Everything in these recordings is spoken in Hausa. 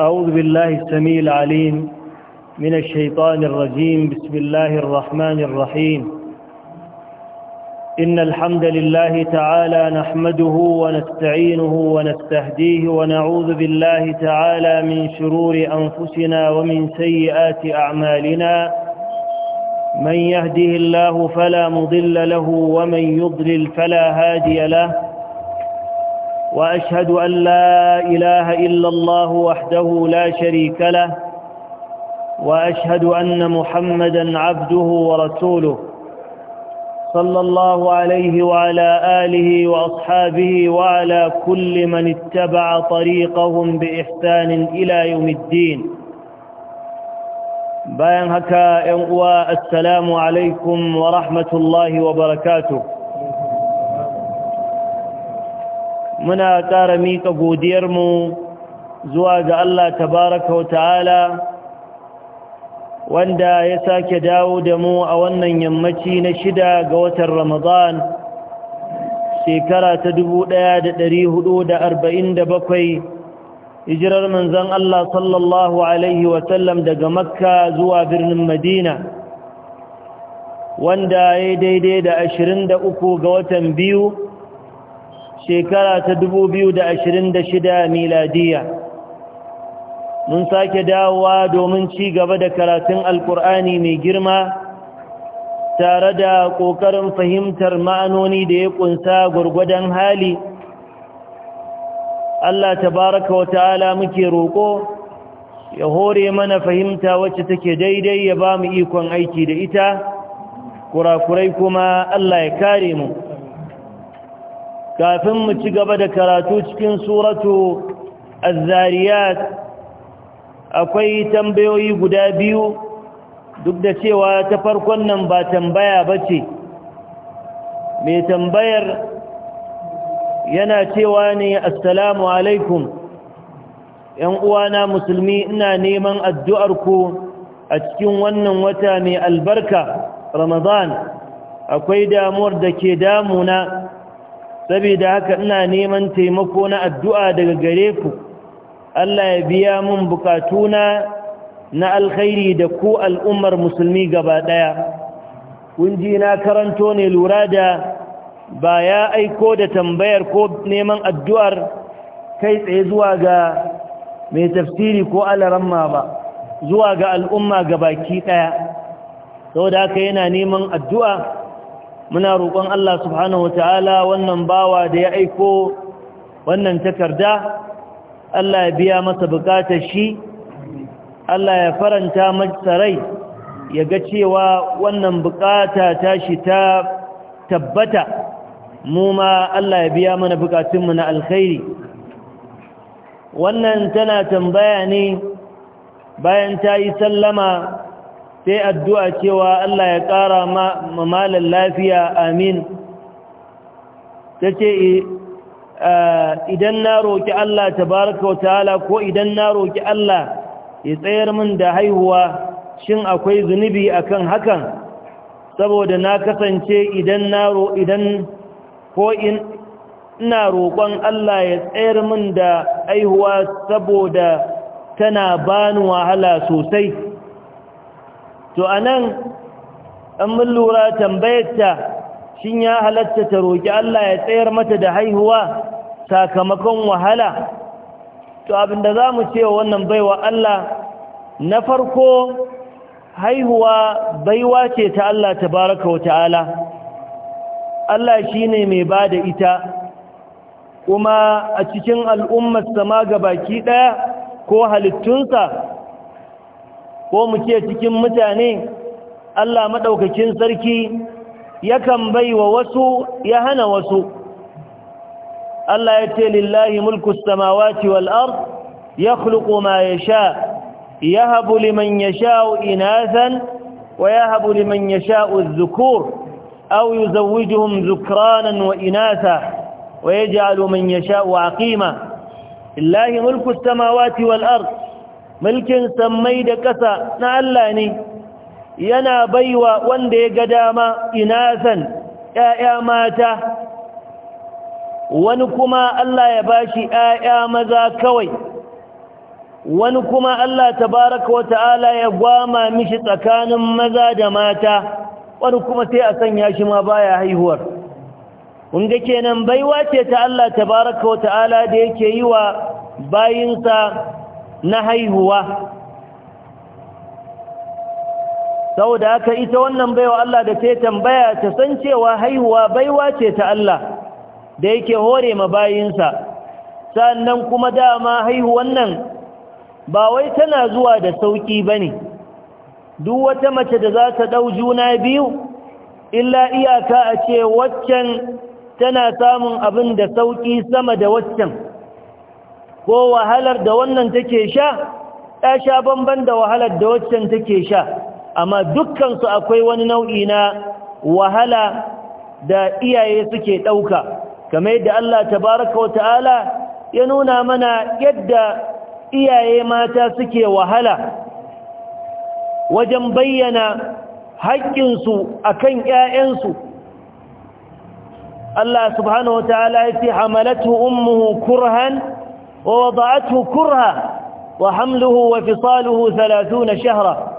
أعوذ بالله السميع العليم من الشيطان الرجيم بسم الله الرحمن الرحيم إن الحمد لله تعالى نحمده ونستعينه ونستهديه ونعوذ بالله تعالى من شرور أنفسنا ومن سيئات أعمالنا من يهده الله فلا مضل له ومن يضلل فلا هادي له وأشهد أن لا إله إلا الله وحده لا شريك له وأشهد أن محمدا عبده ورسوله صلى الله عليه وعلى آله وأصحابه وعلى كل من اتبع طريقهم بإحسان إلى يوم الدين باين هكا السلام عليكم ورحمة الله وبركاته muna ƙara miƙa godiyarmu zuwa ga Allah tabaraka wa ta'ala wanda ya sake dawo da mu a wannan yammaci na shida ga watan Ramadan shekara ta dubu ɗaya da da bakwai hijirar manzon Allah sallallahu Alaihi Sallam daga Makka zuwa birnin Madina wanda ya daidai da ashirin da uku ga watan biyu shekara ta dubu biyu da da ashirin shida miladiya mun sake dawowa domin ci gaba da karatun alkur'ani mai girma tare da ƙoƙarin fahimtar ma'anoni da ya ƙunsa gwargwadon hali Allah tabaraka wa ta'ala muke roƙo ya hore mana fahimta wacce take daidai ya ba mu ikon aiki da ita kurakurai kuma Allah ya kare mu kafin mu ci gaba da karatu cikin suratu az akwai tambayoyi guda biyu duk da cewa ta farkon nan ba tambaya ba ce mai tambayar yana cewa ne assalamu alaikum yan uwana musulmi ina neman addu'ar a cikin wannan wata mai albarka ramadan akwai damuwar da ke damuna saboda haka ina neman taimako na addu'a daga gare ku Allah ya biya mun bukatuna na alkhairi da ku al'ummar musulmi gaba ɗaya kun na karanto ne lura da ba ya aiko da tambayar ko neman addu'ar kai tsaye zuwa ga mai tafsiri ko alaramma ba zuwa ga al'umma gabaki ɗaya sau da haka yana neman addu'a muna roƙon Allah subhanahu wataala wannan bawa da ya aiko wannan takarda Allah ya biya masa bukatar shi Allah ya faranta masa rai ya ga cewa wannan bukata ta shi ta tabbata mu ma Allah ya biya mana buƙatunmu na alkhairi wannan tana tambaya ne bayan ta yi sallama sai addu'a cewa Allah ya ƙara ma lafiya amin ta ce idan na roƙi Allah ta baraka wa ta'ala ko idan na roƙi Allah ya tsayar min da haihuwa shin akwai zunubi akan hakan saboda na kasance idan na idan ko in ina roƙon Allah ya tsayar min da haihuwa saboda tana bani wahala sosai to anan an mun lura tambayarta shin ya halatta ta roƙi Allah ya tsayar mata da haihuwa sakamakon wahala to abinda za mu ce wannan baiwa Allah na farko haihuwa baiwa ce ta Allah tabaraka wa ta'ala Allah shi ne mai ba da ita kuma a cikin al'ummar sama ga baki ɗaya ko halittunsa ko mu ce cikin mutane Allah madaukakin sarki yakan bai wa wasu ya hana wasu Allah ya ce lillahi mulku samawati wal ard yakhluqu ma yasha yahabu liman yasha inathan wa yahabu liman yasha adh-dhukur aw yuzawwijuhum dhukranan wa inatha wa yaj'alu man yasha aqima lillahi mulku samawati wal ard mulkin sammai da ƙasa na Allah ne yana baiwa wanda ya ga dama ina inasan ‘ya'ya mata wani kuma Allah ya bashi ‘ya'ya maza kawai wani kuma Allah tabaraka wa ta'ala ya gwama mishi tsakanin maza da mata wani kuma sai a sanya shi ma baya haihuwar ga kenan baiwa ce ta Allah tabaraka wa ta'ala da yake yi wa bayinsa na haihuwa saboda haka ita wannan baiwa Allah da ta tambaya ta san cewa haihuwa baiwa ce ta Allah da yake hore ma bayinsa sannan kuma dama haihuwan nan ba wai tana zuwa da sauki bane duk wata mace da za ta ɗau juna biyu illa iyaka a ce waccan tana samun abin da sauki sama da waccan ko wahalar da wannan take sha ta sha banban da wahalar da waccan take sha amma dukkansu akwai wani nau'i na wahala da iyaye suke ɗauka kamar yadda Allah tabaraka wa ya nuna mana yadda iyaye mata suke wahala wajen bayyana haƙƙinsu a kan ‘ya'yansu Allah subhanahu wa ta'ala ya fi hamalatu ummuhu kurhan ووضعته كرها وحمله وفصاله ثلاثون شهرا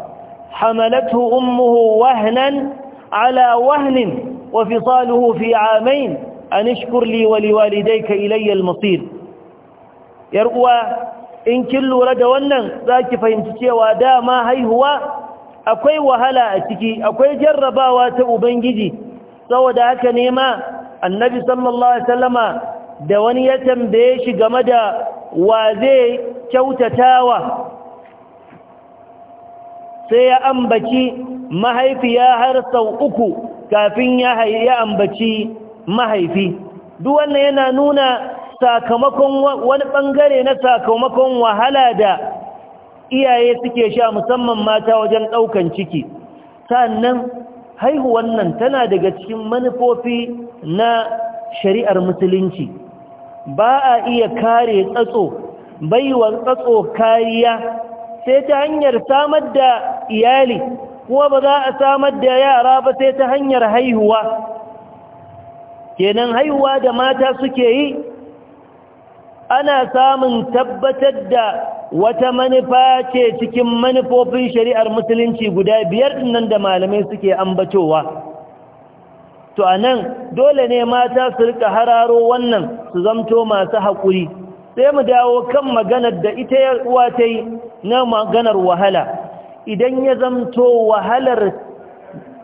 حملته أمه وهنا على وهن وفصاله في عامين أن اشكر لي ولوالديك إلي المصير يرؤوا إن كل رد ونن ذاك فهمتكي وادا ما هي هو أكوي وهلا أتكي أكوي جربا واتأو بنجدي سوى ذاك نيما النبي صلى الله عليه وسلم da wani ya tambaye shi game da wa zai kyautatawa sai ya ambaci mahaifiya har sau uku kafin ya ambaci mahaifi duk wannan yana nuna sakamakon wani bangare na sakamakon wahala da iyaye suke sha musamman mata wajen ɗaukan ciki sannan haihuwan nan tana daga cikin manufofi na shari'ar musulunci ba a iya kare tsatso baiwa tsatso kariya sai ta hanyar samar da iyali kuma ba za a samar da yara ba sai ta hanyar haihuwa kenan haihuwa da mata suke yi ana samun tabbatar da wata manufa ce cikin manufofin shari'ar musulunci guda biyar nan da malamai suke ambatowa to anan dole ne mata su rika hararo wannan su zamto masu haƙuri sai mu dawo kan maganar da ita ya uwa ta yi na maganar wahala idan ya zamto wahalar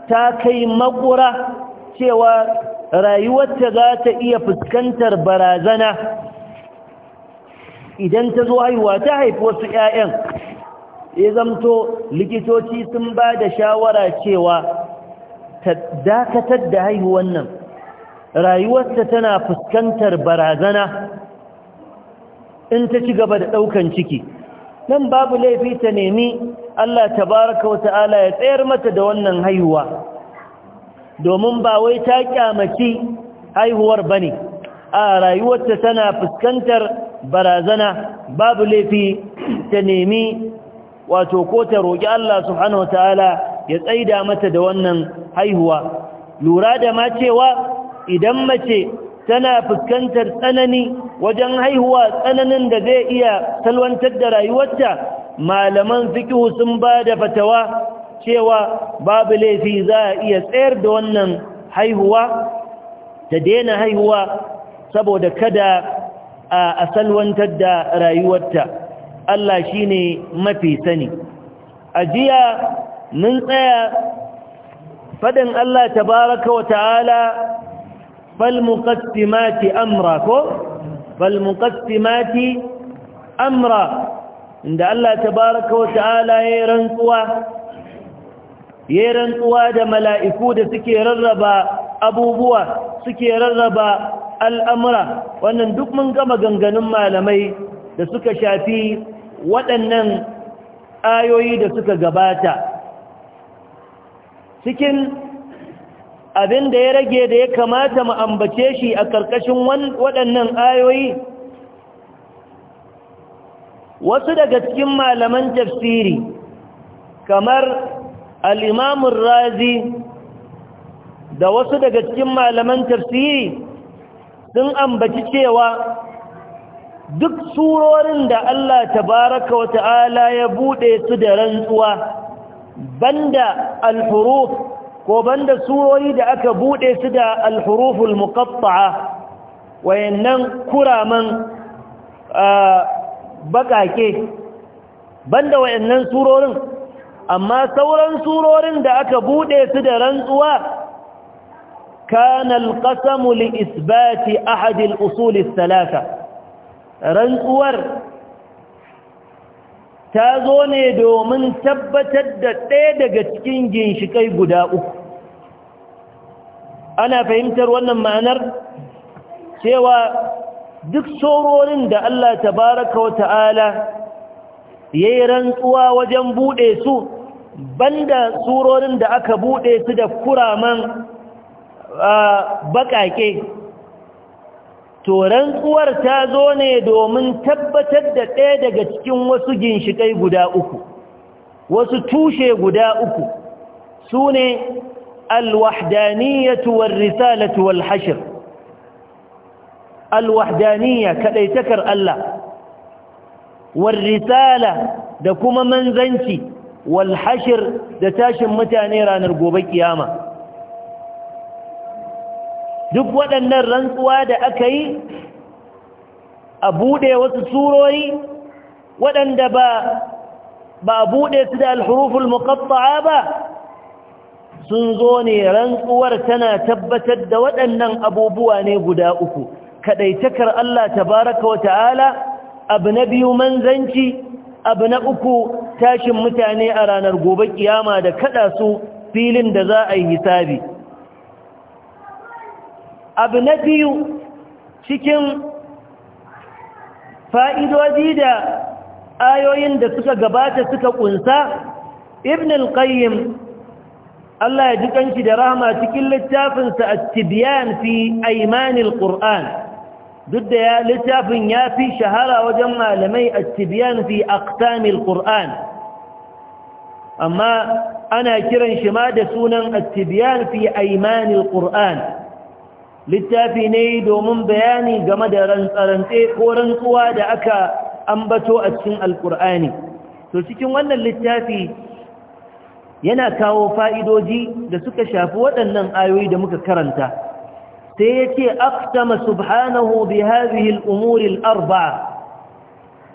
ta kai makura cewa rayuwarta za ta iya fuskantar barazana idan ta zo haihuwa ta haifi wasu 'ya'yan ya zamto likitoci sun ba da shawara cewa dakatar da haihuwan nan rayuwarta tana fuskantar barazana in ta ci gaba da ɗaukan ciki nan babu laifi ta nemi Allah Ta baraka wata'ala ya tsayar mata da wannan haihuwa domin ba wai ta kyamaci haihuwar bane a rayuwarta tana fuskantar barazana babu laifi ta nemi wato ko ta roƙi Allah subhanahu wata'ala ya tsaida mata da wannan haihuwa lura da ma cewa idan mace tana fuskantar tsanani wajen haihuwa tsananin da zai iya salwantar da rayuwarta malaman fikihu sun ba da fatawa cewa babu laifi za a iya tsayar da wannan haihuwa ta daina haihuwa saboda kada a salwantar da rayuwarta Allah shine mafi sani a jiya mun tsaya fadin Allah tabaraka wa ta'ala fal muqaddimati amra ko fal muqaddimati amra inda Allah tabaraka wa ta'ala ya rantsuwa ya rantsuwa da mala'iku da suke rarraba abubuwa suke rarraba al'amura wannan duk mun gama ganganun malamai da suka shafi waɗannan ayoyi da suka gabata cikin abin da ya rage da ya kamata mu ambace shi a ƙarƙashin waɗannan ayoyi wasu daga cikin malaman tafsiri kamar al'imamun razi da wasu daga cikin malaman tafsiri sun ambaci cewa duk surorin da Allah tabaraka wa ta'ala ya buɗe su da rantsuwa banda al-huruf ko banda surori da aka bude su da al-huruful muqatta'a wayannan kuraman bakake banda wayannan surorin amma sauran surorin da aka bude su da rantsuwa kanal القسم لإثبات أحد الأصول الثلاثة rantsuwar. ta zo ne domin tabbatar da ɗaya daga cikin ginshikai guda uku ana fahimtar wannan ma'anar cewa duk sororin da Allah tabaraka wa ta'ala ya yi rantsuwa wajen buɗe su banda surorin da aka buɗe su da kuraman baƙaƙe to rantsuwar ta zo ne domin tabbatar da ɗaya daga cikin wasu ginshiƙai guda uku wasu tushe guda uku su ne alwahdaniya tuwar risala tuwar hashir alwahdaniya kadaitakar Allah war risala da kuma manzanci walhashir da tashin mutane ranar gobe kiyama duk waɗannan rantsuwa da aka yi a buɗe wasu surori waɗanda ba ba a buɗe su da alhuruful muqatta'a ba sun zo ne rantsuwar tana tabbatar da waɗannan abubuwa ne guda uku kaɗaitakar Allah tabaraka wa abu na biyu manzanci abu na uku tashin mutane a ranar gobe ƙiyama da kaɗa su filin da za a yi hisabi abu na biyu cikin fa'idodi da ayoyin da suka gabata suka kunsa ibn al-qayyim Allah ya ji kanki da rahama cikin littafinsa at-tibyan fi aymanil qur'an duk da ya littafin ya fi shahara wajen malamai at fi aqtamil qur'an amma ana kiran shi ma da sunan at-tibyan fi aymanil Kur'an. littafi ne domin bayani game da rantsarantse ko rantsuwa da aka ambato a cikin alkur'ani to cikin wannan littafi yana kawo fa'idoji da suka shafi waɗannan ayoyi da muka karanta sai ya ce aftama subhanahu bi hazihi al'umuril arba'a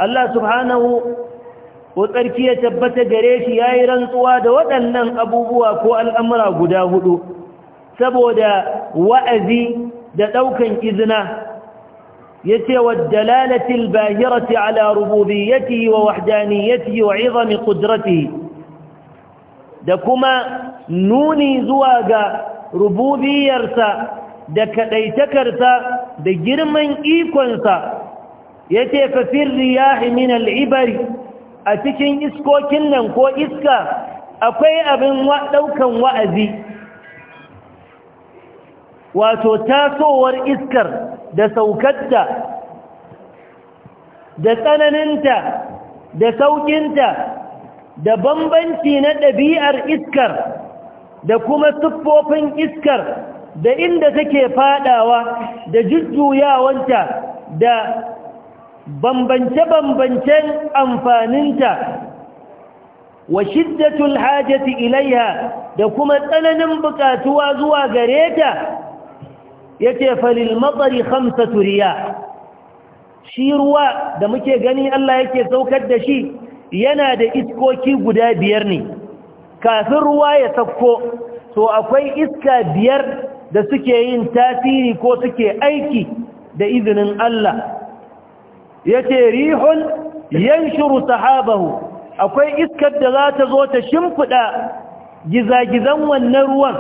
Allah subhanahu ko tsarki ya tabbata gare shi ya yi rantsuwa da waɗannan abubuwa ko al'amura guda hudu saboda wa’azi da ɗaukan izina yace ce wa dalalatil bahirati ala rububi ya wa wahdani ya wa izami kudurati da kuma nuni zuwa ga rububiyarsa da kaɗaitakarsa da girman ikonsa yace ce fafin riyahi min al’ibari a cikin iskokin nan ko iska akwai abin ɗaukan wa’azi wato tasowar iskar da saukatta da tsananinta da saukinta da bambanci na ɗabi'ar iskar da kuma siffofin iskar da inda take fadawa da jujjuyawanta da bambance-bambancen amfaninta wa shiddatul hajati ilaiha da kuma tsananin bukatuwa zuwa gare ta yace falil matsari khamsatu turiya shi ruwa da muke gani Allah yake saukar da shi yana da iskoki guda biyar ne kafin ruwa ya sauko to akwai iska biyar da suke yin tasiri ko suke aiki da izinin Allah yace rihun shiru sahabahu akwai iskar da za ta zo ta shimfiɗa gizagizan wannan ruwan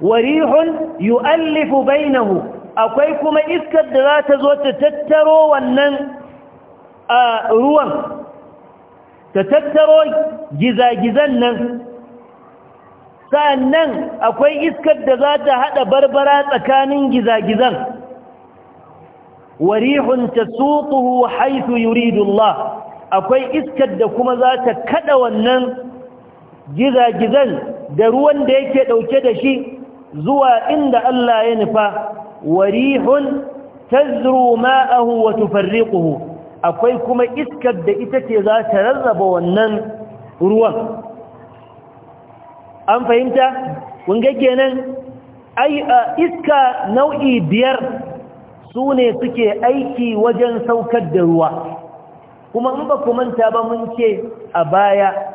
warihun yu'allifu bainahu akwai kuma iskar da za zo ta tattaro wannan ruwan ta tattaro gizagizan nan sannan akwai iskar da za ta haɗa barbara tsakanin gizagizan warihun ta suƙuhu haitu yuridullah akwai iskar da kuma za ta kaɗa wannan gizagizan da ruwan da yake ɗauke da shi zuwa inda Allah ya nufa warihun tazru ma'ahu wa tufarriquhu akwai kuma iskar da ita ce za ta rarraba wannan ruwan an fahimta kunga kenan ai iska nau'i biyar su ne suke aiki wajen saukar da ruwa kuma in ba ku manta ba mun ce a baya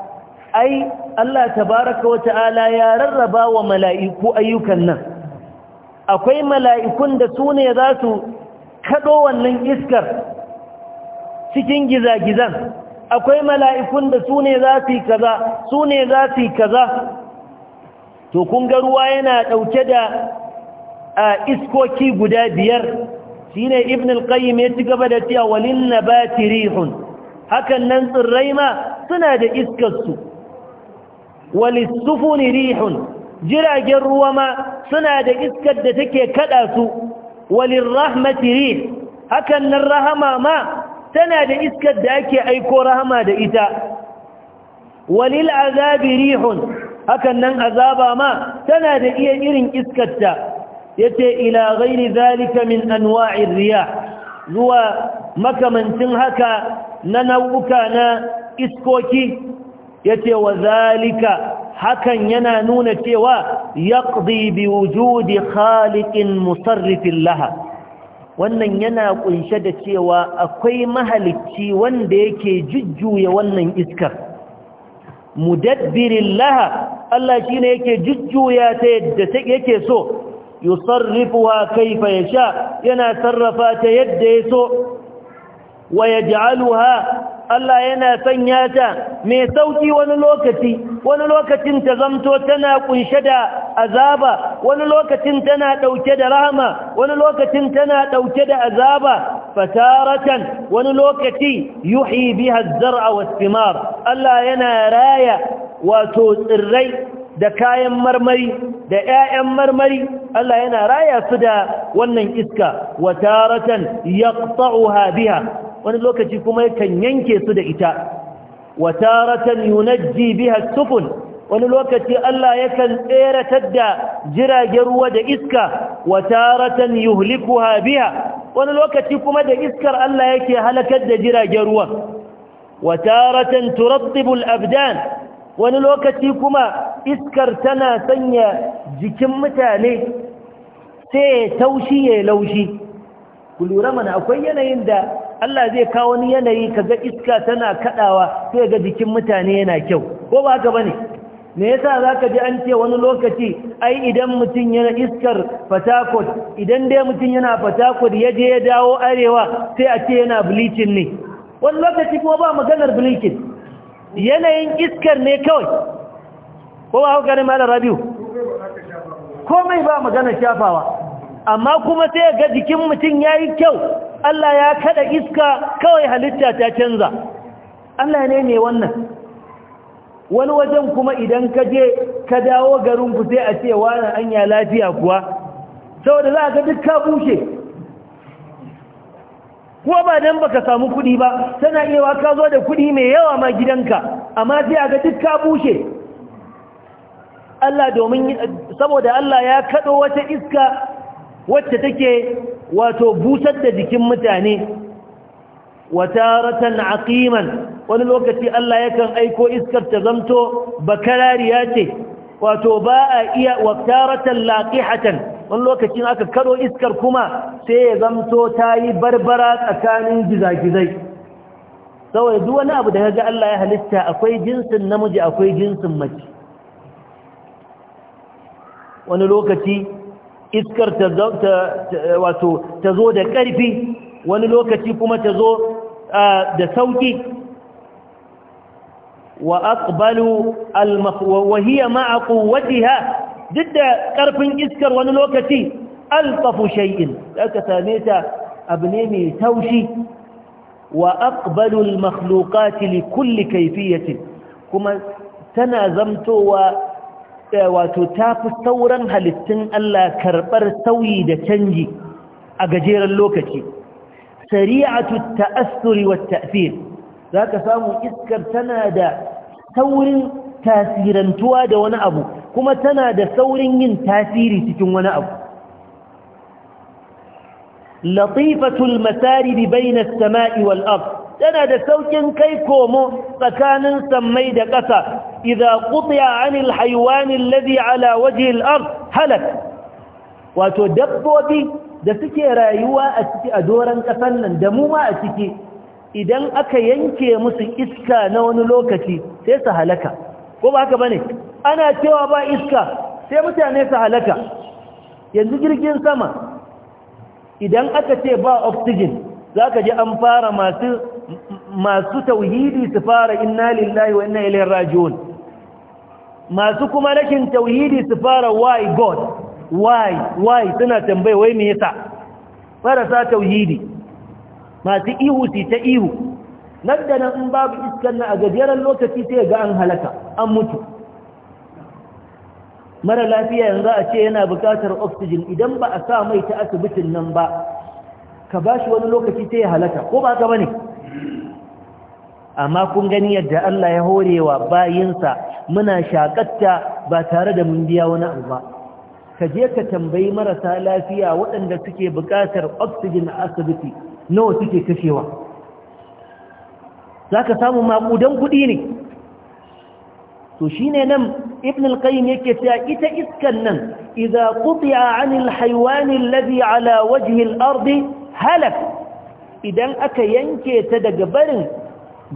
ai Allah tabaraka wa ta'ala ya rarraba wa mala'iku ayyukan nan akwai mala'ikun da su ne za su kaɗo wannan iskar cikin gizagizan akwai mala'ikun da su ne za su yi kaza su ne za su yi kaza to kun ga ruwa yana ɗauke da iskoki guda biyar shine ibn al-qayyim ya ci gaba da cewa walin nabati rihun hakan nan tsirrai ma suna da iskar su walisufuni rihun jiragen ruwa ma suna da iskar da take kada su walirrahmati rih hakan nan rahama ma tana da iskar da ake aiko rahama da ita walil azabi rihun hakan nan azaba ma tana da iya irin iskarta yace ila ghairi zalika min anwa'ir riyah zuwa makamancin haka na nau'uka na iskoki ce wa zalika hakan yana nuna cewa yaqdi bi wujudi khaliqin musarrifin laha wannan yana kunshe da cewa akwai mahalicci wanda yake jujjuya wannan iskar mudabbirin laha Allah shine yake jujjuya ta yadda yake so yusarrifuwa kaifa ya sha, yana sarrafa ta yadda ya so. wa yaj'aluha Allah yana sanya ta mai sauki wani lokaci wani lokacin ta zamto tana kunshe da azaba wani lokacin tana dauke da rahama wani lokacin tana dauke da azaba fataratan wani lokaci yuhi biha az-zar'a was-thimar Allah yana raya wato tsirrai da kayan marmari da ƴaƴan marmari Allah yana raya su da wannan iska wataratan yaqta'uha biha wani lokaci kuma yakan yanke su da ita wa taratan yunajji biha sufun wani lokaci Allah yakan tseratar da jiragen ruwa da iska Wata taratan yuhlikuha biha wani lokaci kuma da iskar Allah yake halakar da jiragen ruwa Wata taratan turattibu abdan wani lokaci kuma iskar tana sanya jikin mutane sai taushi ya laushi ku lura mana akwai yanayin da Allah zai kawo wani yanayi kaga iska tana kadawa sai ga jikin mutane yana kyau ko ba haka bane me yasa zaka ji an ce wani lokaci ai idan mutum yana iskar fatakot idan dai mutum yana fatakot ya je ya dawo arewa sai a ce yana bleaching ne wani lokaci kuma ba maganar bleaching yanayin iskar ne kawai ko ba haka ne malam rabiu komai ba maganar shafawa amma kuma sai ga jikin mutum ya yi kyau Allah ya kada iska kawai halitta ta canza Allah ne ne wannan wani wajen kuma idan ka je ka dawo garin ku sai a ce wani anya lafiya kuwa saboda za ka duk ka bushe kuwa ba ba baka samu kuɗi ba tana iya ka zo da kuɗi mai yawa ma gidanka amma sai a ga duk ka bushe Allah domin saboda Allah ya kaɗo wata iska wacce take wato busar da jikin mutane wataratan aqiman wani lokaci Allah yakan aiko iskar ta zamto bakarariya ce wato ba a iya wataratan laqihatan wani lokacin aka karo iskar kuma sai ya zamto tayi barbara tsakanin gizagizai saboda duk wani abu da ga Allah ya halitta akwai jinsin namiji akwai jinsin mace wani lokaci iskar ta wato ta zo da ƙarfi wani lokaci kuma ta zo da sauki wa aqbalu wa hiya ma'a quwwatiha duk da ƙarfin iskar wani lokaci alqafu shay'in aka same ta abu ne mai taushi wa aqbalu al makhluqat li kulli kayfiyatin kuma tana zamtowa Eh, wato ta fi sauran halittun Allah karɓar sauyi da canji a gajeren lokaci sari'atu ta'assuri wa ta'fir zaka samu iskar tana da saurin tasirantuwa da wani abu kuma tana da saurin yin tasiri cikin wani abu latifatul masarib bayna as-sama'i wal yana da saukin kai komo tsakanin sammai da ƙasa idza qutiya anil haywani alladhi ala wajhi al halak wato dabbobi da suke rayuwa a ciki a doron ƙasar nan da mu ma a ciki idan aka yanke musu iska na wani lokaci sai su halaka ko ba haka bane ana cewa ba iska sai mutane su halaka yanzu jirgin sama idan aka ce ba oxygen za ka ji an fara masu tauhidi su fara inna lillahi wa inna ilayhi raji'un masu kuma rashin tauhidi su fara why god why why suna tambaye wai me yasa sa tauhidi masu ihu su ta ihu nan da nan in babu iskan na a gajeren lokaci sai ga an halaka an mutu mara lafiya yanzu a ce yana buƙatar oxygen idan ba a sa mai ta asibitin nan ba ka ba shi wani lokaci ta ya halata, ko ba haka ba ne amma kun gani yadda Allah ya horewa bayinsa muna shakatta ba tare da mun biya wani abu ba ka je ka tambayi marasa lafiya waɗanda suke buƙatar oxygen a asibiti nawa suke kashewa za ka samu maƙudan kuɗi ne to shi ne nan ibn al yake cewa ita iskan nan idza qutiya 'anil haywani alladhi 'ala wajhi al-ardi halak idan aka yanke ta daga barin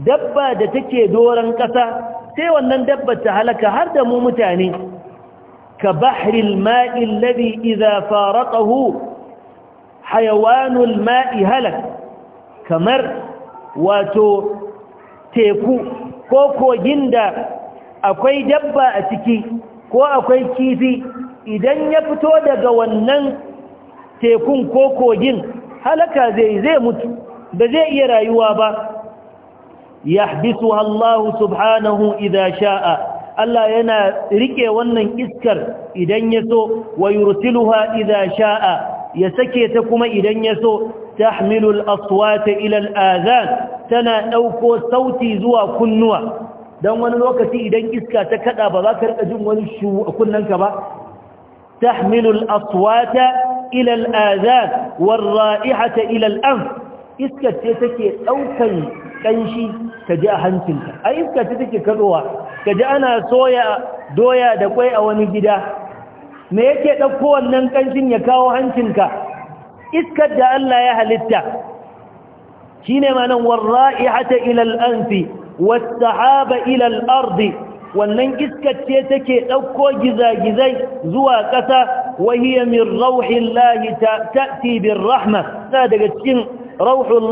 dabba da take doron ƙasa sai wannan dabba ta halaka har da mu mutane ka bahril ma'i alladhi idza faraqahu hayawanul ma'i halak kamar wato teku ko kogin da akwai dabba a ciki ko akwai kifi idan ya fito daga wannan tekun ko kogin halaka zai zai mutu ba zai iya rayuwa ba yahbisuha Allah subhanahu idha sha'a Allah yana rike wannan iskar idan ya so wa yursiluha idha sha'a ya sake ta kuma idan ya so tahmilu al-aswata ila al-adhan tana dauko sauti zuwa kunnuwa dan wani lokaci idan iska ta kada ba za ka rika jin wani shu a kunnanka ba tahmilu al-aswata إلى الآذان والرائحة إلى الأنف إسكت تتكي أو كي كنشي تجاء هنسلك أي إسكت تتكي كروها تجاءنا صويا دويا دقوي أو نجدا ما يكي تقوى أن كنشي يكاو هنسلك إسكت دا ألا يهلتا شين ما نور رائحة إلى الأنف والسحاب إلى الأرض wannan iskar ce take ɗauko gizagizai zuwa ƙasa wahiyar min rauhin lahi ta tibin rahma na daga cikin rauhun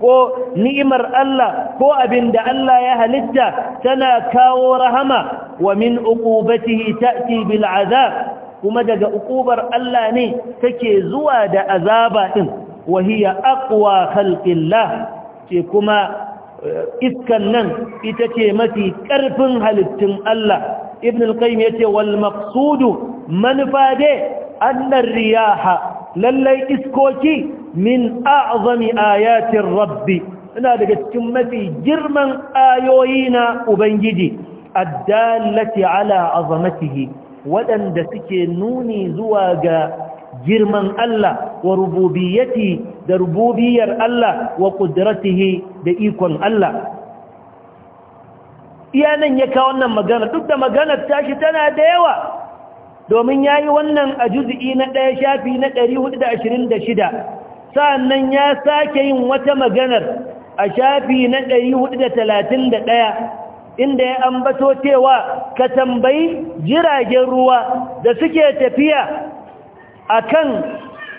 ko ni'imar Allah ko abin da Allah ya halitta tana kawo rahama wa min uqubatihi ta tibin azab kuma daga uqubar Allah ne take zuwa da azaba ɗin wahiya aqwa khalqillah ce kuma iskan nan ita ce mafi ƙarfin halittun Allah ibn al-qayyim yace wal maqsudu manfa annar riyaha lallai iskoki min a'zami ayatin rabbi ina daga cikin mafi girman ayoyi na ubangiji addallati ala azamatihi waɗanda suke nuni zuwa ga girman Allah wa rububiyyati da rububiyar Allah wa qudratihi da ikon Allah iyanan ya kawo wannan magana duk da maganar shi tana da yawa domin yayi wannan a juz'i na ɗaya shafi na 426 sa'annan ya sake yin wata maganar a shafi na 431 inda ya ambato cewa ka tambayi jiragen ruwa da suke tafiya akan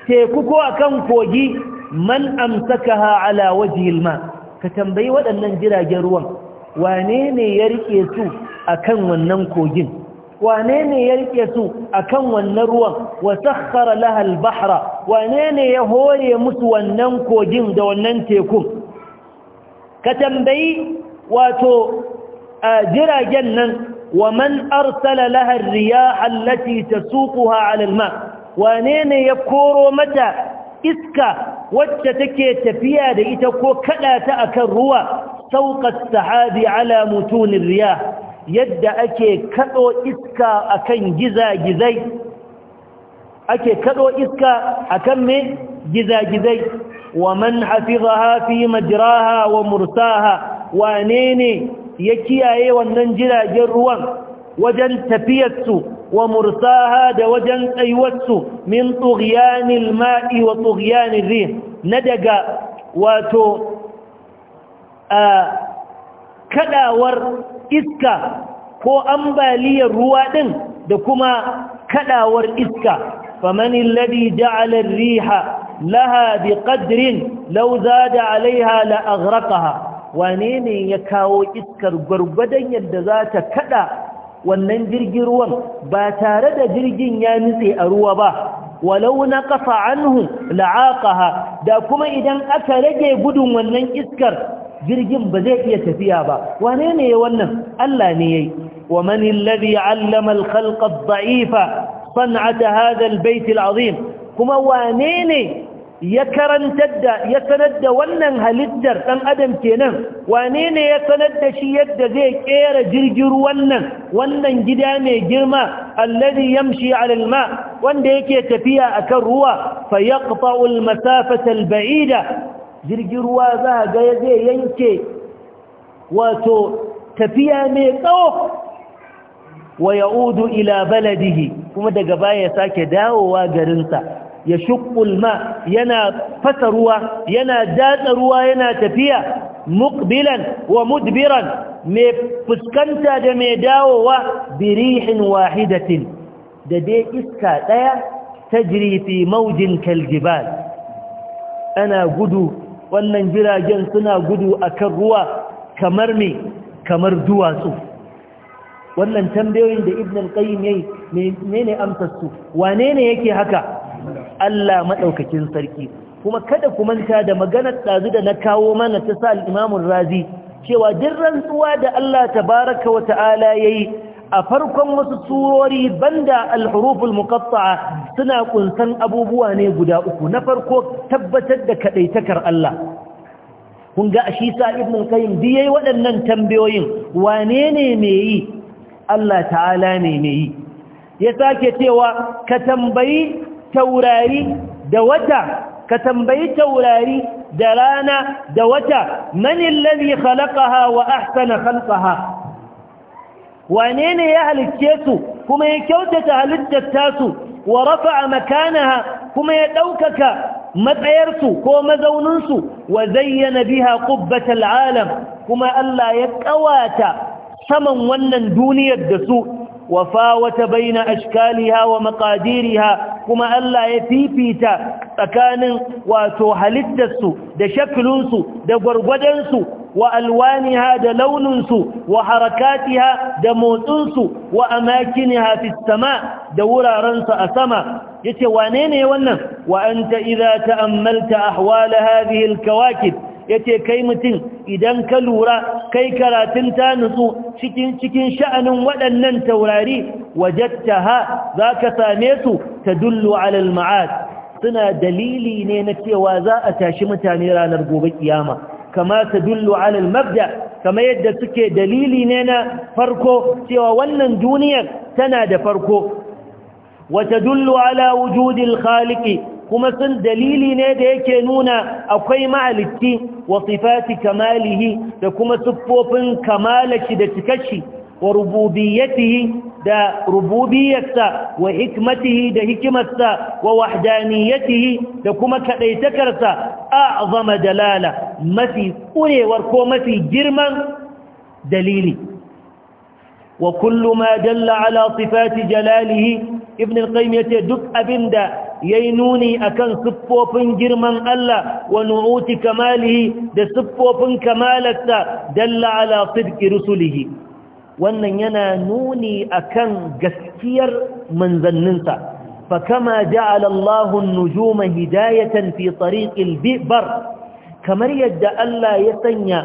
teku ko akan kogi man amsakaha ala wajhil ma ka tambayi waɗannan jiragen ruwan wane ne ya rike su akan wannan kogin wane ne ya rike su akan wannan ruwan wa sakhkhara laha al-bahra wane ne ya hore musu wannan kogin da wannan tekun ka tambayi wato jiragen nan wa man arsala laha ar-riyah allati tasuquha 'ala al-ma wane ne ya koro mata iska wacce take tafiya da ita ko kada ta akan ruwa sauqat sahabi ala mutunir riya? yadda ake kado iska akan gizagizai ake kado iska akan me gizagizai wa man hafizaha fi majraha wa mursaha wane ne ya kiyaye wannan jiragen ruwan wajen tafiyarsu wa ومرساها دوجن أيوتس من min الماء وطغيان الريم ندق واتو آه كداور إسكا ko ambaliyar ruwa din da kuma kadawar iska faman alladhi ja'ala ar-riha laha biqadrin law zada 'alayha la aghraqaha wane ne ya kawo iskar gurgudan yadda za ta kada wannan jirgin ruwan ba tare da jirgin ya nutse a ruwa ba walau na kafa anhu la'aqaha da kuma idan aka rage gudun wannan iskar jirgin ba zai iya tafiya ba wane ne wannan Allah ne yayi wa man alladhi 'allama al-khalqa ad-da'ifa san'ata hadha al-bayt al-'azim kuma wane ne ya karantar da ya sanar da wannan halittar ɗan adam kenan wane ne ya sanar da shi yadda zai kera jirgin wannan wannan gida mai girma alladhi yamshi ala alma wanda yake tafiya akan ruwa fa yaqta'u almasafata ba'ida. jirgin ruwa za ga zai yanke wato tafiya mai tsawo wa ya'udu ila baladihi kuma daga baya sake dawowa garinsa ya shuƙulma ma yana fasa ruwa yana datsa ruwa yana tafiya mukbilan wa mudbiran mai fuskanta da mai dawowa birihin wahidatin da dai iska daya ta fi maujin kaljibal ana gudu wannan jiragen suna gudu akan ruwa kamar kamar duwatsu wannan tambayoyin da ibn al-qayyim yayi ne amsar su wane ne yake haka Allah maɗaukakin sarki kuma kada ku manta da maganar ɗazu da na kawo mana ta sa al'imamun razi cewa duk rantsuwa da Allah baraka wa ta'ala ya yi a farkon wasu surori banda alhuruful muqatta'a suna ƙunsan abubuwa ne guda uku na farko tabbatar da kaɗaitakar Allah kun ga shi sa ibn kayin bi waɗannan tambayoyin wane ne me yi Allah ta'ala ne me yi ya sake cewa ka tambayi taurari da wata ka tambayi taurari da rana da wata man allazi khalaqaha wa ahsana khalqaha wane ne ya halicce su kuma ya kyautata halittar tasu wa a makanaha kuma ya ɗaukaka matsayarsu ko mazauninsu wa zayyana biha qubbatal alam kuma Allah ya ƙawata saman wannan duniyar da su wafawata baina ashkaliha wa maqadiriha kuma Allah ya fifita tsakanin wato halittarsu da shaklunsu da gwargwadansu wa alwaniha da launinsu wa harakatiha da motsinsu wa amakiniha fi da wurarensu a sama yace wane ne wannan wa ta idza ta'ammalta ahwal hadhihi alkawakib yace kai mutum idan ka lura kai karatun ta nutsu cikin cikin sha'anin waɗannan taurari za zaka same su tadullu dullu alal maad suna dalili ne na cewa za a tashi mutane ranar gobe kiyama kama ta dullu alal mabda kama yadda suke dalili ne na farko cewa wannan duniyar tana da farko wa dullu ala wujudin khaliki. kuma sun dalili ne da yake nuna akwai ma'alitti wa sifati kamalihi da kuma siffofin kamalashi da cikashi wa rububiyyatihi da rububiyyarsa wa hikmatihi da hikimarsa wa wahdaniyatihi da kuma kadaitakarsa a'zama dalala mafi kurewar ko mafi girman dalili wa kullu dalla ala sifati jalalihi ibn al-qayyim yace duk abinda yayi nuni akan siffofin girman Allah wa nu'uti kamalihi da siffofin kamalarsa dalla ala sidqi rusulihi wannan yana nuni akan gaskiyar manzanninsa fa kama ja'ala Allahu an-nujuma hidayatan fi tariqil bi'bar kamar yadda Allah ya sanya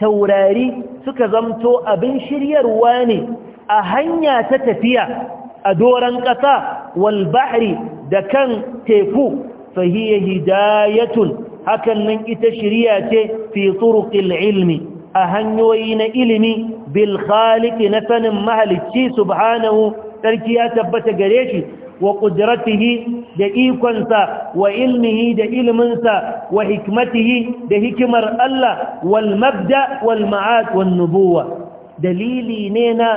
taurari suka zamto abin shiryarwa ne a hanya ta tafiya a doron ƙasa bahri da kan teku fahiyya hidayatun hakan nan ita shirya ce fi turuqil ilmi a hanyoyi na ilimi bil khaliq na sanin mahalicci subhanahu sarki ya tabbata gare shi wa qudratihi da ikonsa wa ilmihi da ilminsa wa hikmatihi da hikimar Allah wal mabda wal ma'ad wal nubuwa dalili ne na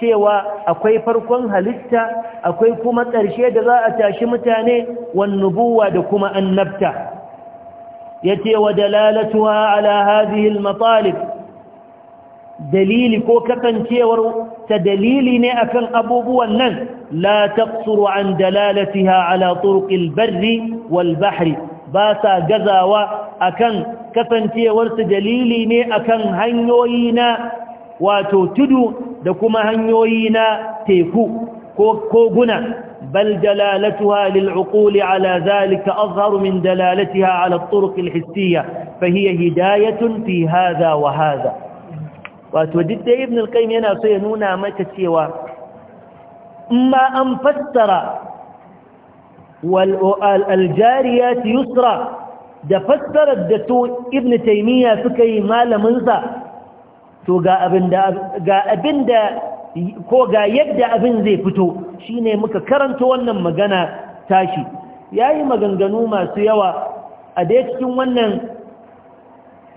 cewa akwai farkon halitta akwai kuma ƙarshe da za a tashi mutane wannubuwa da kuma annabta ce wa dalalatuha ala hadhihi almatalib dalili ko kasancewar ta dalili ne akan abubuwan nan la taqsuru an dalalatiha ala turuqil barri wal bahri ba sa gazawa akan kasancewar dalili ne akan hanyoyi na wato tudu da kuma hanyoyi na teku ko koguna bal dalalatuha lil uquli ala zalika azharu min dalalatiha ala turuq al hissiyya fa hiya hidayatun fi hadha wa hadha wato didda ibn al qayyim yana so ya nuna maka cewa imma an fassara wal al jariyat yusra da fassarar da to ibn taymiya suka yi malamin sa to ga abin da ko ga yadda abin zai fito shine muka karanta wannan magana tashi yayi maganganu masu yawa a dai cikin wannan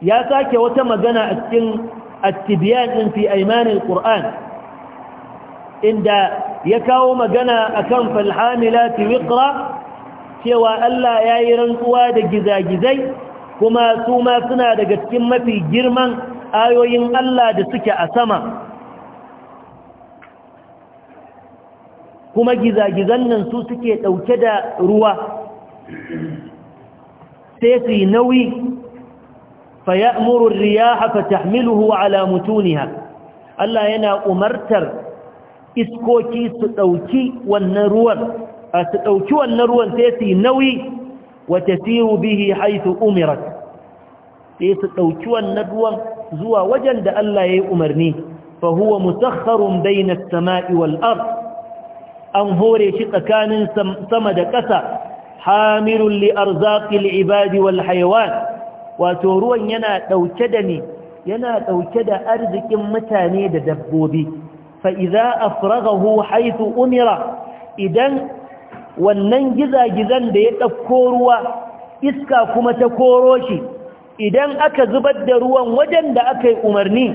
ya sake wata magana a cikin attibiyan ɗin din fi aymanil qur'an inda ya kawo magana akan falhamilati wiqra cewa Allah yayi rantsuwa da gizagizai kuma su ma suna daga cikin mafi girman ayoyin Allah da suke a sama kuma gizagizan nan su suke ɗauke da ruwa sai su yi nauyi fa ya'muru riyaha fa tahmiluhu ala mutuniha Allah yana umartar iskoki su ɗauki wannan ruwan a su ɗauki wannan ruwan sai su yi nauyi wata siru bihi haitu umirat sai su ɗauki wannan ruwan zuwa wajen da Allah ya yi umarni fa huwa mutakharun bayna as-sama'i wal ard an hore shi tsakanin sama da ƙasa hamilun li arzaqil ibadi wal hayawan wato ruwan yana dauke da ni yana dauke da arzikin mutane da dabbobi fa idza afraghahu haythu umira idan wannan gizagizan da ya dauko ruwa iska kuma ta koro shi idan aka zubar da ruwan wajen da aka yi umarni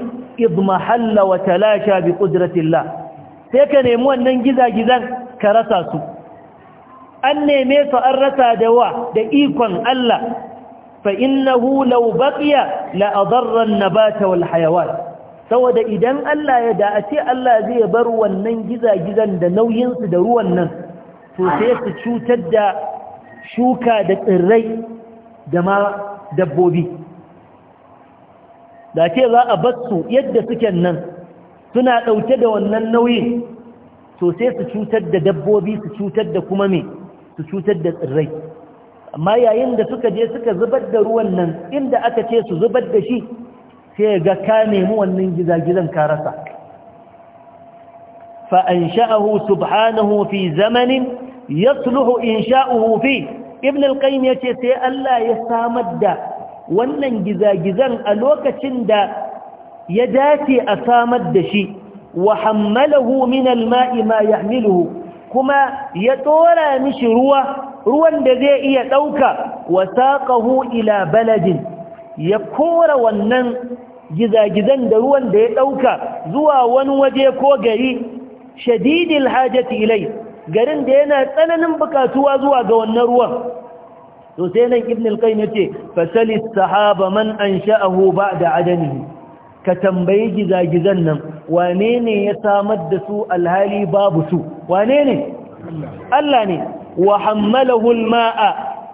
idmahalla wa talasha bi ƙudratillah sai ka nemi wannan gizagizan ka rasa su an neme su an rasa da wa da ikon Allah fa innahu law baqiya la adarra an-nabata wal hayawan saboda idan Allah ya da a ce Allah zai bar wannan gizagizan da nauyin su da ruwan nan to sai su cutar da shuka da tsirrai da ma dabbobi da ce za a basu yadda suke nan suna ɗauke da wannan nauyin to sai su cutar da dabbobi su cutar da kuma me su cutar da tsirrai amma yayin da suka je suka zubar da ruwan nan inda aka ce su zubar da shi sai ga ka nemi wannan gizagizan ka rasa fa an shaahu subhanahu fi zamanin yasluhu insha'uhu fi ibn al-qayyim yace sai Allah ya samar da wannan gizagizan a lokacin da ya dace a samar da shi wa hammalahu min al-ma'i ma yahmiluhu kuma ya tsora mishi ruwa ruwan da zai iya dauka wa saqahu ila baladin ya kora wannan gizagizan da ruwan da ya dauka zuwa wani waje ko gari shadidil hajati ilai garin da yana tsananin bukatuwa zuwa ga wannan ruwan to sai nan ibn al-qayyim yace sali sahaba man ansha'ahu ba'da Adani. ka tambayi gizagizan nan wane ne ya samar da su alhali babu su wane ne Allah ne wa hammalahu al-ma'a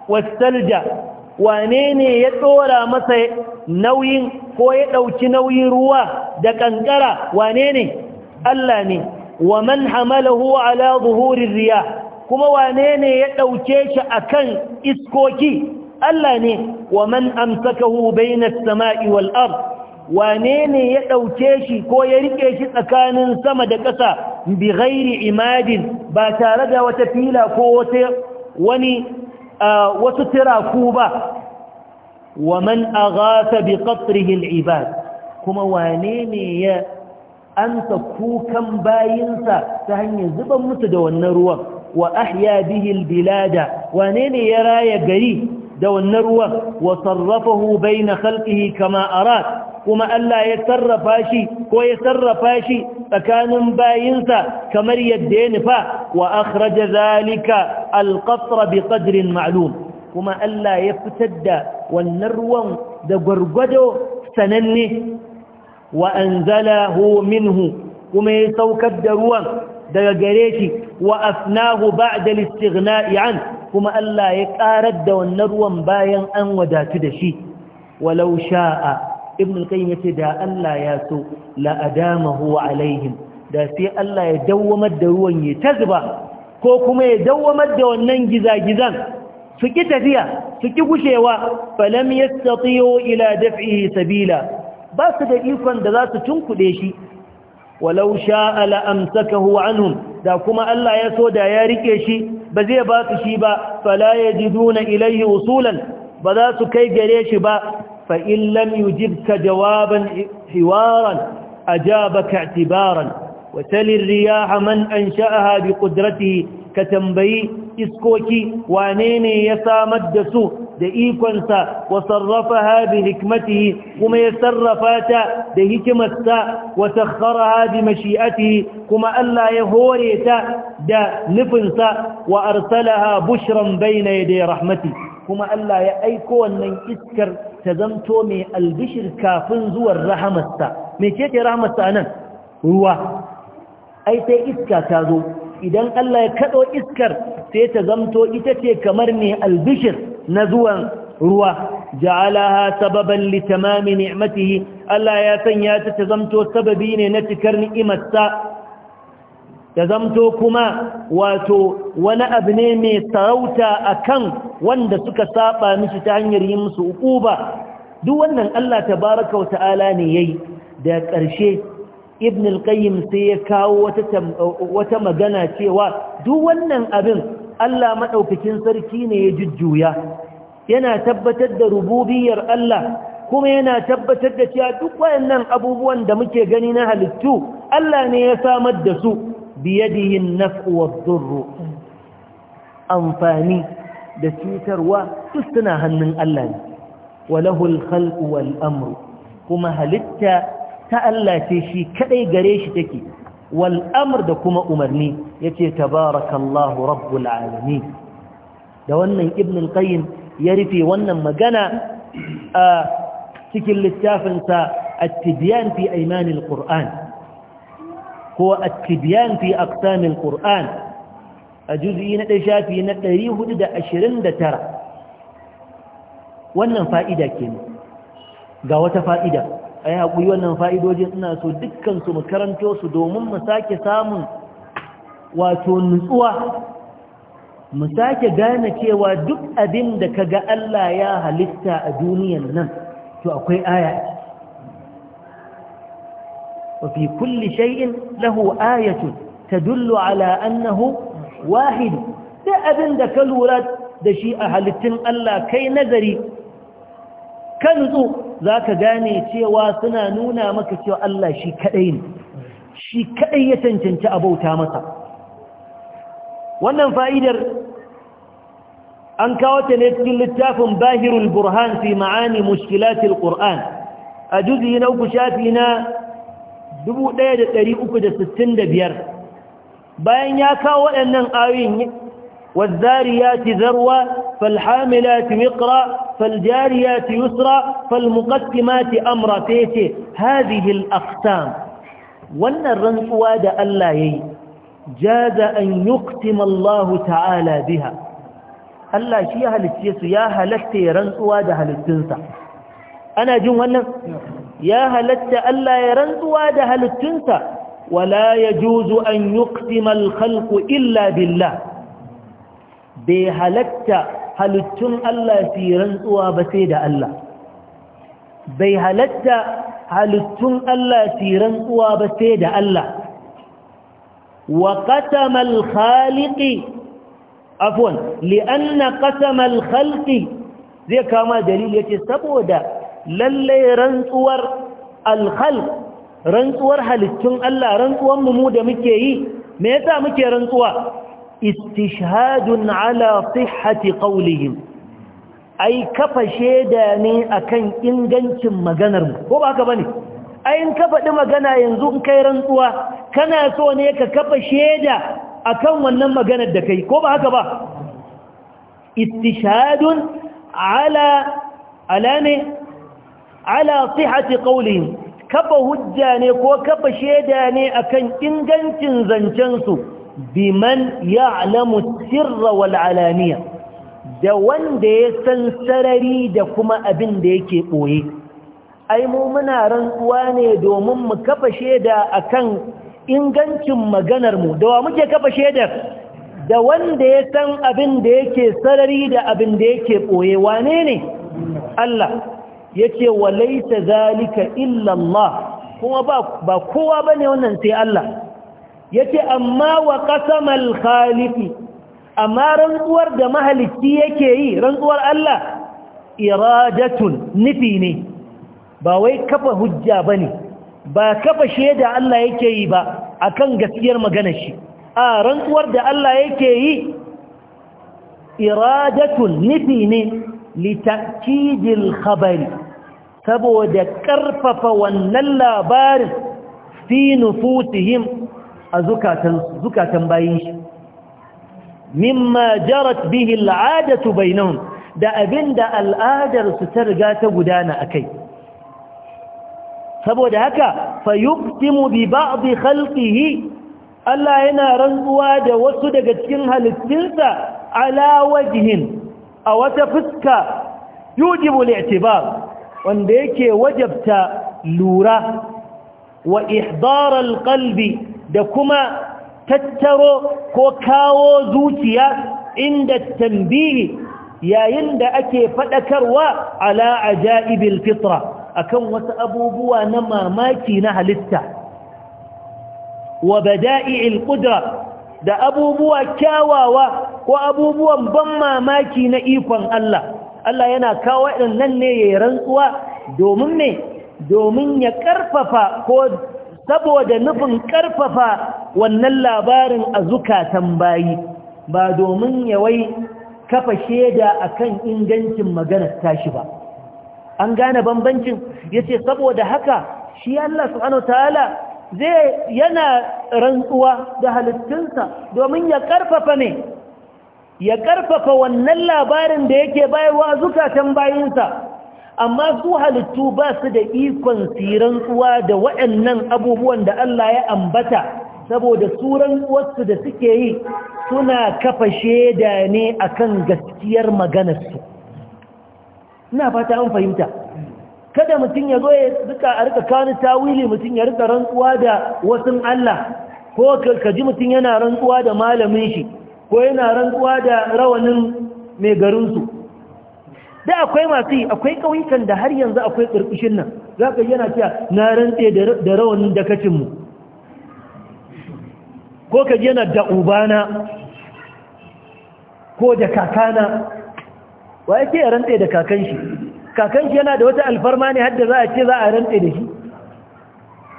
was-salja wane ne ya dora masa nauyin ko ya dauki nauyin ruwa da kankara wane ne Allah ne wa man hamalahu ala zuhuri kuma wane ne ya ɗauke shi akan iskoki Allah ne wa man amsakahu bainas sama'i wal ard wane ne ya ɗauke shi ko ya rike shi tsakanin sama da ƙasa bi ghairi imadin ba tare da wata fila ko wata wani wasu tiraku ba wa man aghatha bi qatrihi al ibad kuma wane ne ya anta kukan bayinsa ta hanyar zuban musu da wannan ruwan wa ahya bihi albilada wane ne ya raya gari da wannan ruwan wa sarrafahu baina khalqihi kama arad kuma Allah ya sarrafa shi ko ya sarrafa shi tsakanin bayinsa kamar yadda ya nufa wa akhraja zalika alqatra biqadrin ma'lum kuma Allah ya fitar da wannan ruwan da gurgudo sananne wa anzalahu minhu kuma ya saukar da ruwan daga gare shi wa afnahu ba'da al-istighna'i an kuma Allah ya ƙarar da wannan ruwan bayan an wadatu da shi walau sha'a ibn al-qayyim yace da Allah ya so la adamahu alaihim da sai Allah ya dawwamar da ruwan ya tazba ko kuma ya dawwamar da wannan gizagizan su ki tafiya su ki gushewa falam yastati'u ila daf'ihi sabila ba su da ikon da za su tunkuɗe shi walau sha'a la'amsakahu anhum da kuma Allah ya so da ya rike shi ba zai ba su shi ba fala yajiduna ilayhi usulan ba za su kai gare shi ba fa in lam yujibka jawaban hiwaran ajabaka i'tibaran wa tali ar-riyaha man ansha'aha bi qudratihi ka tambayi iskoki wane ne ya samar da su da ikonsa wa sarrafa bi hikmatihi kuma ya sarrafa ta da hikimarsa wa sakharaha bi mashi'atihi kuma Allah ya hore ta da nufinsa wa arsalaha bushran bayna ya rahmati kuma Allah ya aiko wannan iskar ta zanto mai albishir kafin zuwan rahamarsa me ce ce rahamarsa nan ruwa ai sai iska ta zo idan Allah ya kaɗo iskar sai ta zamto ita ce kamar ne albishir na zuwan ruwa ja'alaha sababan li tamami ni'matihi Allah ya sanya ta ta zamto sababi ne na cikar ni'imarsa ta zamto kuma wato wani abu ne mai sarauta akan wanda suka saba mishi ta hanyar yin musu uquba duk wannan Allah tabaraka wa ta'ala ne yayi da ƙarshe ibn al-qayyim sai ya kawo wata magana cewa duk wannan abin Allah madaukakin sarki ne ya jujjuya yana tabbatar da rububiyar Allah kuma yana tabbatar da cewa duk wayannan abubuwan da muke gani na halittu Allah ne ya samar da su biyadihi an-naf'u wad-durr amfani da cutarwa duk suna hannun Allah ne lahul khalqu wal amru kuma halitta ta Allah ce shi kadai gare shi take wal amr da kuma umarni yace tabarakallahu rabbul alamin da wannan ibn al-qayyim ya rufe wannan magana a cikin littafin sa at-tibyan fi ayman al-qur'an ko at-tibyan fi aqsam al-qur'an a juz'i na shafi na 429 wannan fa'ida kenan ga wata fa'ida a yi haƙuri wannan fa’idojin suna so dukkansu mu su domin mu sake samun wato nutsuwa mu sake gane cewa duk abinda da ka ga Allah ya halitta a duniyan nan to akwai aya wafi kulli shay'in lahu ayatun tadullu ala annahu wahid duk abin da ka lura da shi a halittun Allah kai nazari ka nutsu za ka gane cewa suna nuna maka cewa Allah shi kaɗai ne shi kaɗai ya cancanci abauta masa wannan fa'idar an kawo ta ne cikin littafin bahirul burhan fi ma'ani mushkilatil qur'an a juzi na uku shafi na 1365 bayan ya kawo waɗannan ayoyin والذاريات ذروة فالحاملات وقرا فالجاريات يسرا فالمقسمات أمرا تيتي هذه الأقسام وأن الرنسواد دا ألا يي جاز أن يقتم الله تعالى بها ألا شيها للشيس يا هلتي رنسوا هل هلتنسا أنا جمعنا يا هلت ألا يرنسوا هل هلتنسا ولا يجوز أن يقتم الخلق إلا بالله bai halatta halittun Allah su rantsuwa ba sai da Allah bai halatta halittun Allah su rantsuwa ba sai da Allah wa qatamal khaliqi afwan li'anna qatamal khalqi zai kama dalil yace saboda lalle rantsuwar al-khalq rantsuwar halittun Allah rantsuwar mu da muke yi me yasa muke rantsuwa istishhadun ala sihhati qawlihim ai kafa sheda ne akan ingancin maganar mu ko ba haka bane ai in ka faɗi magana yanzu in kai rantsuwa kana so ne ka kafa sheda akan wannan maganar da kai ko ba haka ba istishhadun ala ne ala kafa hujja ne ko kafa ne akan ingancin zancen su biman ya'lamu mu wal walalamiya da wanda ya san sarari da kuma abin da yake boye ai mu muna rantsuwa ne domin mu kafa da akan ingancin maganar mu da wa muke kafa shedar da wanda ya san abin da yake sarari da abin da yake ɓoye wane ne Allah yace walaita zalika illa kuma ba kowa bane wannan sai Allah yace amma wa qasamal khalifi amma rantsuwar da mahalicci yake yi rantsuwar Allah iradatun nufi ne ba wai kafa hujja ne. ba kafa da Allah yake yi ba akan gaskiyar maganar shi a rantsuwar da Allah yake yi iradatun nufi ne litakidil khabari saboda karfafa wannan labarin fi nufusihim a zukatan bayin shi mimma jarat bihi al'adatu bainahum da abinda al'adar su ta riga ta gudana akai saboda haka fayuqtimu bi ba'd khalqihi Allah yana rantsuwa da wasu daga cikin halittinsa ala wajhin a wata fuska yujibu al-i'tibar wanda yake wajabta lura wa ihdar al-qalbi da kuma tattaro ko kawo zuciya inda tambihi yayin da ake faɗakarwa ala ajaibil fitra akan wasu abubuwa na mamaki na halitta wa bada'i'il qudra da abubuwa kyawawa ko abubuwan ban mamaki na ikon Allah Allah yana kawo nan ne yayin rantsuwa domin domin ya karfafa ko saboda nufin ƙarfafa wannan labarin a zukatan bayi ba domin yawai kafa shaida akan ingancin maganar tashi ba an gane bambancin yace saboda haka shi Allah subhanahu zai yana rantsuwa da halittunsa domin ya ƙarfafa ne ya ƙarfafa wannan labarin da yake bayarwa zukatan bayinsa amma su halittu ba su da ikon siran tsuwa da waɗannan abubuwan da Allah ya ambata saboda tsuran wasu da suke yi suna kafa shaida ne a kan gaskiyar maganarsu ina fata an fahimta kada mutum ya zo ya a rika kani tawili mutum ya rika rantsuwa da wasu Allah ko kaji mutum yana rantsuwa da malamin shi ko yana rantsuwa da rawanin mai garinsu da akwai masu yi akwai ƙauyukan da har yanzu akwai ƙarƙushin nan za ka yana cewa na rantse da rawanin dakacinmu ko ka yana da ubana ko da kakana wa yake ya rantse da kakan shi kakan shi yana da wata alfarma ne hadda za a ce za a rantse da shi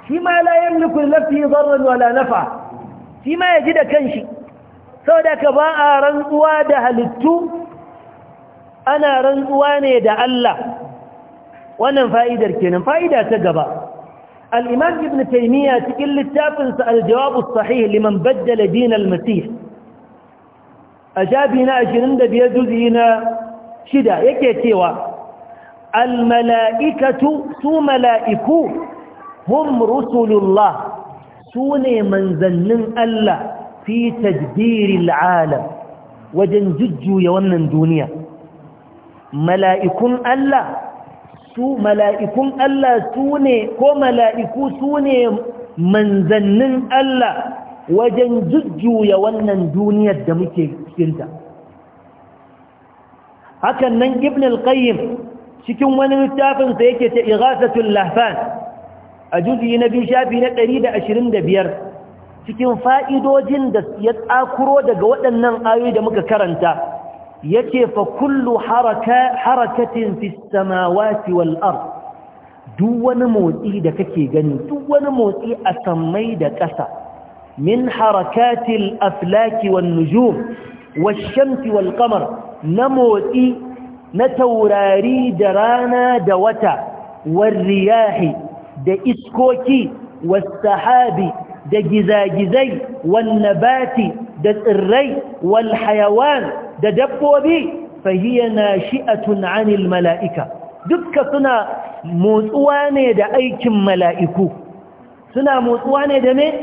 shi ma la yamliku lafi darran wala nafa shi ma ya ji da kanshi saboda ka ba a rantsuwa da halittu ana rantsuwa ne da Allah wannan fa'idar kenan fa'ida ta gaba al'imam ibn taimiyya cikin littafinsa aljawabu sahih liman baddala dinal masih a shafi na 25 juzi na shida yake cewa almala'ikatu su mala'iku hum rusulullah su ne manzannin Allah fi tadbirin alam wajen jujjuya wannan duniya mala'ikun Allah su mala'ikun Allah su ne ko mala'iku su ne manzannin Allah wajen jujjuya wannan duniyar da muke cikinta hakan nan ibn al-qayyim cikin wani littafinsa yake ta ighasatul lahfan a juji na biyu shafi na 125 cikin fa'idojin da ya tsakuro daga waɗannan ayoyi da muka karanta yake fa kullu haraka harakatin fis samawati wal ard duk wani motsi da kake gani duk wani motsi a sammai da ƙasa min harakatil aflaki wan nujum wash-shamsi wal qamar na motsi na taurari da rana da wata war riyahi da iskoki was sahabi da gizagizai wan nabati ده الري والحيوان ده دب فهي ناشئة عن الملائكة دكا سنا موتواني ده ملائكو سنا موتواني ده مين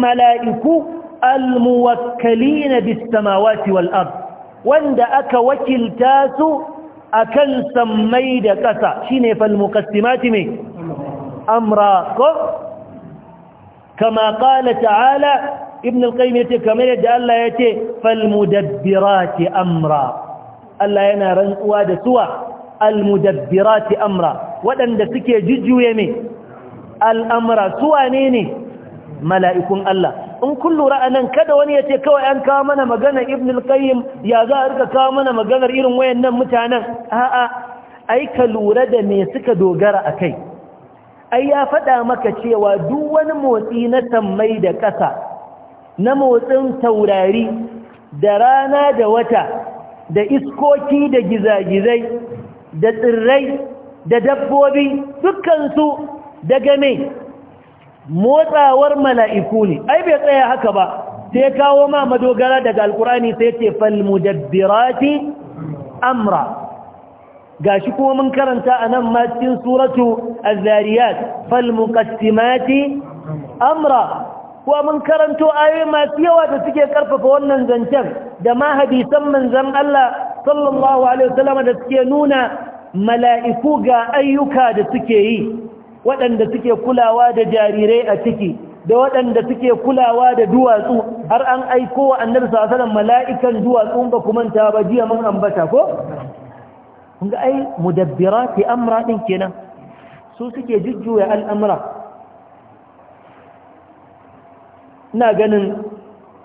ملائكو الموكلين بالسماوات والأرض وان أكا وكل تاسو أكا سميد قصى شين فالمقسمات مين أمراكو كما قال تعالى ibn al-qayyim yace kamar yadda Allah yace fal mudabbirati amra Allah yana rantsuwa da suwa al mudabbirati amra wadanda suke jujjuye me al'amra suwa ne ne mala'ikun Allah in kun lura anan kada wani yace kawai an kawo mana magana ibn al-qayyim ya za a rika kawo mana maganar irin wayannan mutanen a'a ai ka lura da me suka dogara akai ai ya faɗa maka cewa duk wani motsi na tammai da ƙasa na motsin taurari da rana da wata da iskoki da gizagizai da tsirrai da dabbobi dukkansu daga me motsawar mala'iku ne ai bai tsaya haka ba sai kawo ma madogara daga alkurani sai ce falmudabbirati amra gashi kuma mun karanta a nan cikin suratu al-zariyat falmuqassimati amra kuwa mun karanto ayoyi masu yawa da suke karfafa wannan zancen da ma hadisan manzon Allah sallallahu alaihi wasallam da suke nuna mala'iku ga ayyuka da suke yi waɗanda suke kulawa da jarirai a ciki da waɗanda suke kulawa da duwatsu har an aiko wa annabi sallallahu alaihi mala'ikan duwatsu ba kuma ta ba jiya mun ambata ko kun ga ai mudabbirati amra din kenan su suke jujjuya al'amura ina ganin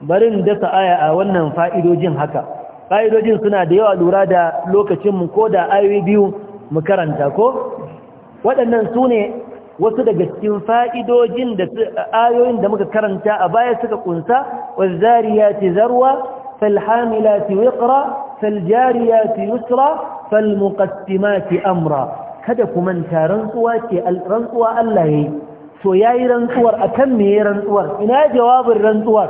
barin dasa aya a wannan fa'idojin haka fa'idojin suna da yawa lura da lokacinmu ko da ayoyi biyu mu karanta ko waɗannan su ne wasu daga cikin fa'idojin da ayoyin da muka karanta a baya suka kunsa wazzariyati zarwa falhamilati wiqra faljariyati yusra falmuqassimati amra kada ku manta rantsuwa ce rantsuwa Allah yayi to yayi rantsuwar akan me rantsuwar ina jawabin rantsuwar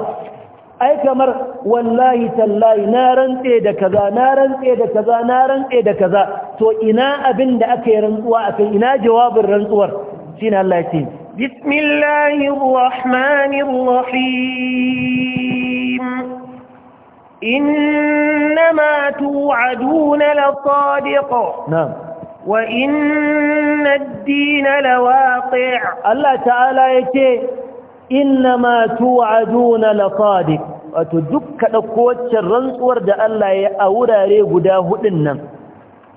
ai kamar wallahi tallahi na rantse da kaza na rantse da kaza na rantse da kaza to ina abin da aka yi rantsuwa akan ina jawabin rantsuwar shine Allah ya ce bismillahir rahmanir rahim innama tu'aduna lasadiq na'am وَإِنَّ الدِّينَ لَوَاقِعٌ الله تعالى yace إِنَّمَا تُوعَدُونَ لَصَادِقٌ wato dukkan dukkan rantsuwar da Allah ya aurare guda hudun nan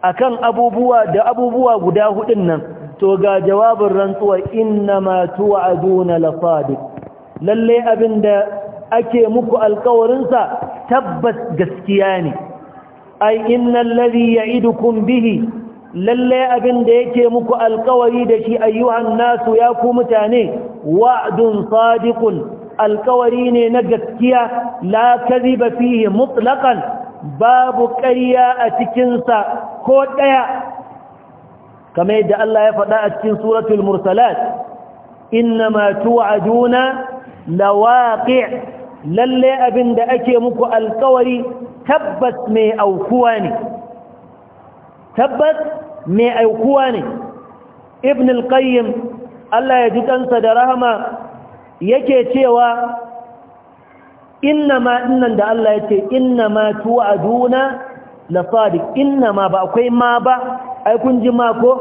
akan abubuwa da abubuwa guda hudun nan to ga jawabin rantsuwar إِنَّمَا تُوعَدُونَ لَصَادِقٌ lalle abinda ake muku alƙawarin tabbas gaskiya ne ay innal ladhi ya'idukum bihi lalle abin da yake muku alkawari da shi ayyuhan nasu ya ku mutane wa'dun sadiqun alkawari ne na gaskiya la kadhiba fihi mutlaqan babu ƙarya a cikin sa ko daya kamar yadda Allah ya faɗa a cikin suratul mursalat innama tu'aduna lawaqi' lalle abin da ake muku alkawari tabbas mai aukuwa ne tabbas mai aikuwa ne ibn al-qayyim Allah ya ji kansa da rahama yake cewa inna ma dinnan da Allah yake inna ma tu'aduna la sadiq inna ma ba akwai ma ba ai kun ji ma ko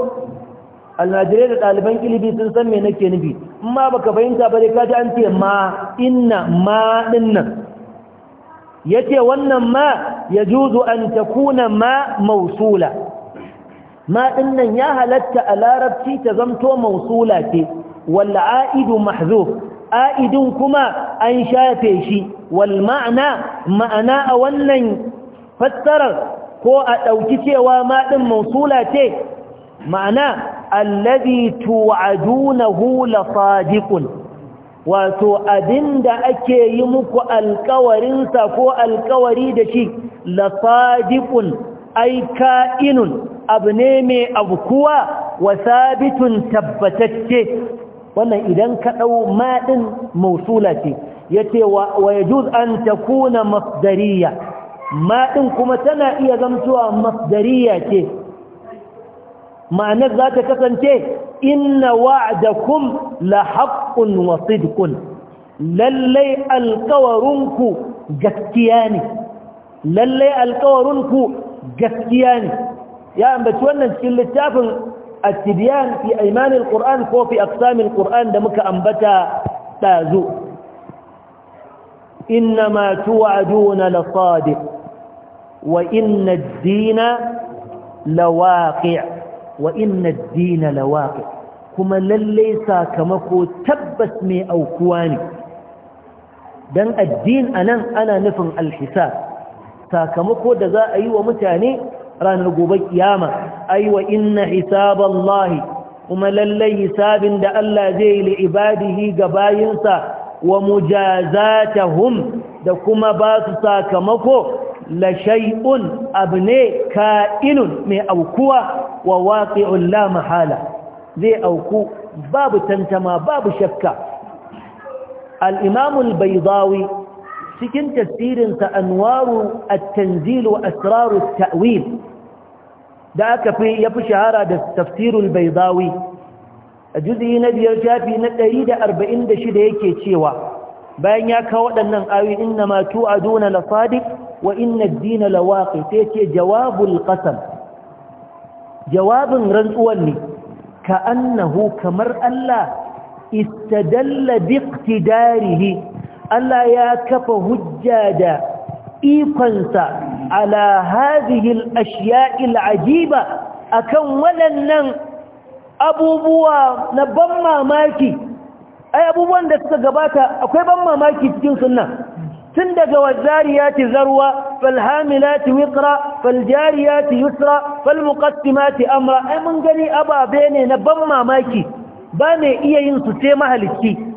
alnajirai da ɗaliban ilimi sun san me nake nufi Amma baka fahimta ba ka ji an ce ma inna ma dinnan yace wannan ma yajuzu an takuna ma mausula ma nan ya halatta a larabci ta zamto mausula ce wal aidu mahzuf aidun kuma an shafe shi wal ma'ana ma'ana a wannan fassarar ko a ɗauki cewa ma din mausula ce ma'ana allazi tu'adunahu la sadiqun wato abinda ake yi muku sa ko alkawari da shi la sadiqun ay ka'inun abu ne mai abu kuwa wa sabitun tabbatacce wannan idan ka ɗau maɗin mausula ce ya ce wa ya juz an ta kuna masdariya maɗin kuma tana iya zamtuwa masdariya ce ma'anar za ta kasance inna wa'adakum la haƙƙun wa sidkun lallai alkawarinku gaskiya ne lallai alkawarinku gaskiya ne يا ان بتونا في التاف التبيان في ايمان القران كو في اقسام القران دمك مكا انبتا تازو انما توعدون لصادق وان الدين لواقع وان الدين لواقع كما للي ساكمكو تبس مي او كواني دان الدين انا انا نفن الحساب ساكمكو ده ايوه متاني ranar gobe kiyama ai wa inna hisaballahi kuma lallai hisabin da Allah zai yi li ibadihi ga bayinsa wa mujazatahum da kuma ba su sakamako la shay'un abne ka'inun mai aukuwa wa waqi'un la mahala zai auku babu tantama babu shakka al-imam al-baydawi cikin tafsirinsa anwaru at-tanzil wa asrar at-ta'wil da aka fi ya fi shahara da tafsirul baizawi a juzi na biyar shafi na 146 yake cewa bayan ya kawo waɗannan ayoyi inna ma tu'aduna la sadiq wa inna ad-dina la waqi sai ce jawabul qasam jawabin rantsuwan ne ka annahu kamar Allah istadalla bi iqtidarihi Allah ya kafa hujja da ikonsa ala hadhihi al-ashya'i al-ajiba akan waɗannan abubuwa na ban mamaki ai abubuwan da suka gabata akwai ban mamaki cikin sunna tun daga wazariyati zarwa falhamilati wiqra faljariyati yusra falmuqaddimati amra ai mun gani ababe ne na ban mamaki ba mai iya yin su sai mahalicci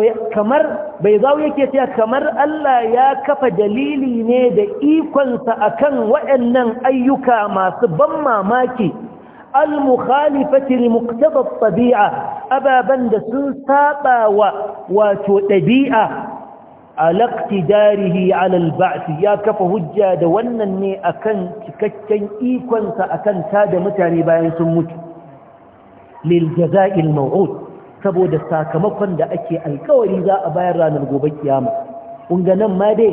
to kamar bai zawo yake cewa kamar Allah ya kafa dalili ne da ikonsa akan waɗannan ayyuka masu ban mamaki al-mukhalifati li tabia ababan da sun saba wa wato dabi'a alaqtidarihi ala al-ba'th ya kafa hujja da wannan ne akan cikakken ikonsa akan da mutane bayan sun mutu lil jaza'il maw'ud saboda sakamakon da ake alkawari za a bayar ranar gobe kiyama kun ga nan ma dai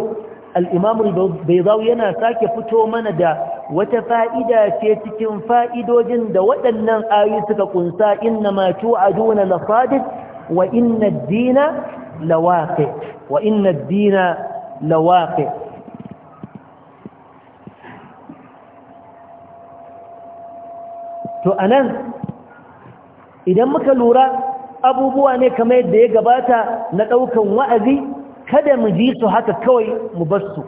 bai baizawu yana sake fito mana da wata fa'ida ce cikin fa'idojin da waɗannan ayu suka kunsa inna ma tu'aduna na sadiq wa inna dina lawaqi wa inna dina lawaqi to anan idan muka lura abubuwa ne kamar yadda ya gabata na ɗaukan wa'azi kada mu ji su haka kawai mu bar su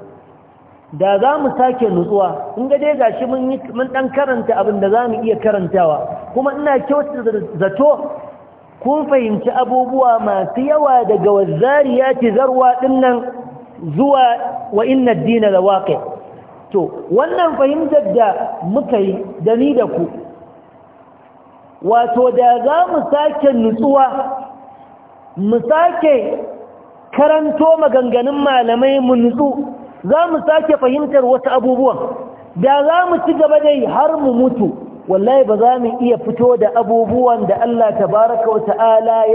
da za mu sake nutsuwa in ga dai gashi mun ɗan karanta abin da za mu iya karantawa kuma ina kyautar zato kun fahimci abubuwa masu yawa daga wazariya ci zarwa ɗinnan zuwa wa inna dina da waƙe to wannan fahimtar da muka yi da ni da ku wato da za mu sake nutsuwa mu sake karanto maganganun malamai mu nutsu za mu sake fahimtar wasu abubuwan da za mu ci gaba dai har mu mutu wallahi ba za mu iya fito da abubuwan da Allah tabaraka wa ta'ala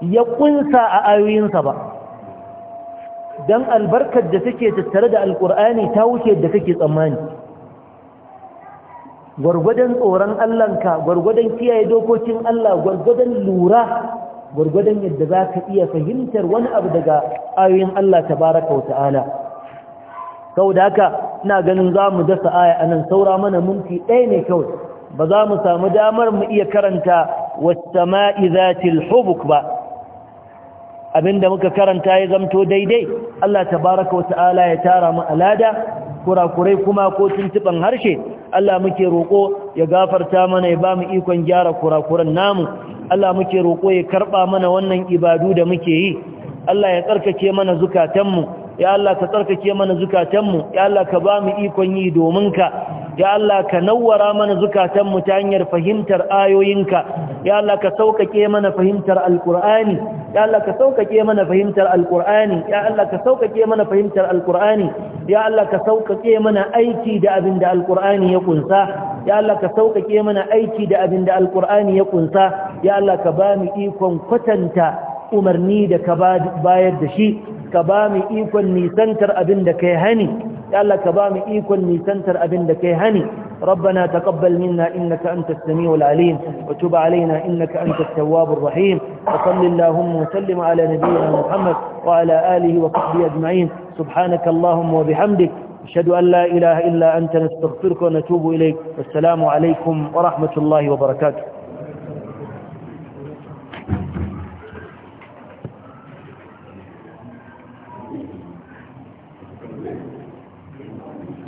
ya kunsa a ayoyinsa ba don albarkar da take tattare da alkur'ani ta wuce da kake tsammani gwargwadon tsoron Allahnka gwargwadon kiyaye dokokin Allah gwargwadon lura gwargwadon yadda za ka iya fahimtar wani abu daga ayoyin Allah tabaraka wa sau da haka ina ganin za mu dasa aya a nan saura mana minti ɗaya ne kawai ba za mu samu damar mu iya karanta wata ma'i hubuk ba abinda muka karanta ya zamto daidai Allah tabaraka wa ya tara mu alada kurakurai kuma ko tuntuɓan harshe Allah muke roƙo ya gafarta mana ya ba mu ikon gyara kurakuran namu Allah muke roƙo ya karɓa mana wannan ibadu da muke yi Allah ya tsarkake mana zukatanmu ya Allah ka tsarkake mana zukatanmu ya Allah ka ba mu ikon yi domin ka ya Allah ka nawwara mana zukatanmu ta hanyar fahimtar ayoyinka ya Allah ka sauƙaƙe mana fahimtar alƙur'ani ya Allah ka sauƙaƙe mana fahimtar alƙur'ani ya Allah ka sauƙaƙe mana fahimtar alƙur'ani ya Allah ka sauƙaƙe mana aiki da abin da alƙur'ani ya kunsa ya Allah ka sauƙaƙe mana aiki da abin da alƙur'ani ya kunsa ya Allah ka ba mu ikon kwatanta umarni da ka bayar da shi ka ba mu ikon nisantar abinda da kai hani ya Allah ka ba mu ikon nisantar abin da kai hani rabbana taqabbal minna innaka antas samiul alim wa tub alaina innaka antat tawwabur rahim wa sallallahu sallim ala nabiyyina muhammad wa ala alihi wa sahbihi ajma'in subhanaka allahumma wa bihamdik ashhadu an la ilaha illa anta nastaghfiruka wa natubu ilayk assalamu wa rahmatullahi wa barakatuh